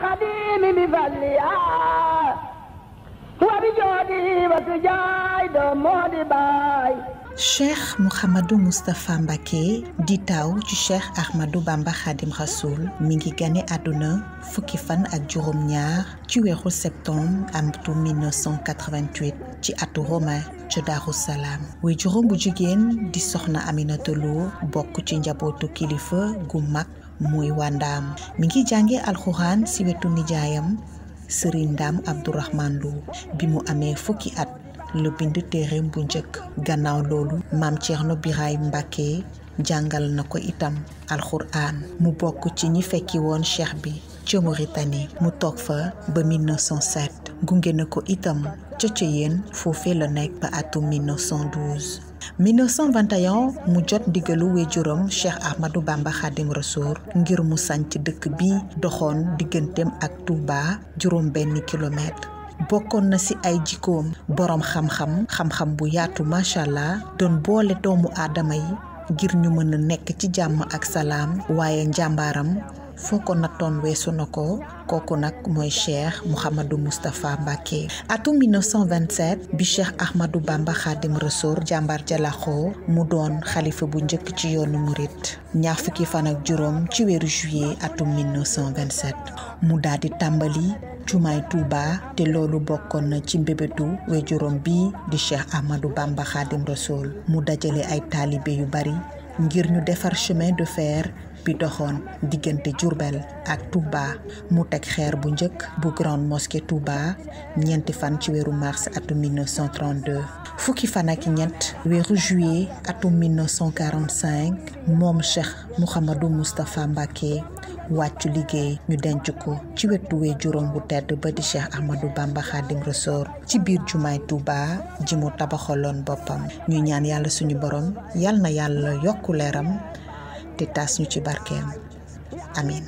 القديم بفضلها وبجودي وتجاي di taaw ci cheikh Ahmadou Bamba Khadim Rasoul mi ngi gane àdduna fukki fan ak juróom ñaar ci weeru septembre amtu 1988 ci atu romain ca Daaru Salaam way juróom bu jigéen di soxna amina Lo bokk ci njabootu kilifa gu mag muy waa Ndaam mi ngi jàngee alxuraan ci wetu nijaayam sëriñ Ndaam Abdourahman Lo bi mu amee fukki at la bind téereem bu njëkk gannaaw loolu maam Thierno Biraye Mbacke jàngal na ko itam alxuraan mu bokk ci ñi fekki woon cheikh bi ca Mauritanie mu toog fa ba 1907 gunge na ko itam ca Thiéyène foofee la nekk ba atum 1912. 1921 mu jot ndigalu wéjuram Cheikh Ahmadou Bamba Khadim Rassoul ngir mu sanc dëkk bi doxoon digganteem ak Touba juróom benn kilomètre bokkoon na ci ay jikkoom boroom xam-xam xam-xam bu yaatu macha allah doon boole doomu aadama yi ngir ñu mën a nekk ci jàmm ak salaam waaye njàmbaaram foo ko nattoon weesu na ko kooku nag mooy cheikh Mouhamadou Moustapha Mbacké atum 1927 bi cheikh Ahmadou Bamba Khadim Rassoul jàmbar jalaxoo mu doon xalifa bu njëkk ci yoonu murit ñaar fukki fan ak juróom ci weeru juillet atum 1927 mu daal di tàmbali jumaay Touba te loolu bokkoon na ci mbébétu wéjuróom bi di cheikh Ahmadou Bamba Khadim Rassoul mu dajale ay taalibe yu bari ngir ñu defar chemin de fer bi doxoon diggante Diourbel ak Touba mu teg xeer bu njëkk bu grande mosquée Touba ñeenti fan ci weeru mars atum fukki fan ak ñett weeru juillet atum 1945 moom Cheikh Mouhamadou Moustapha Mbacké wàccu liggéey ñu denc ko ci wetu wee juróom bu tedd ba di Cheikh Ahmadou Bamba Khadim Rassoul ci biir jumaay Touba ji mu tabaxaloon boppam ñu ñaan yàlla suñu boroom yal na yàlla yokku leeram te taas ñu ci barkeem amin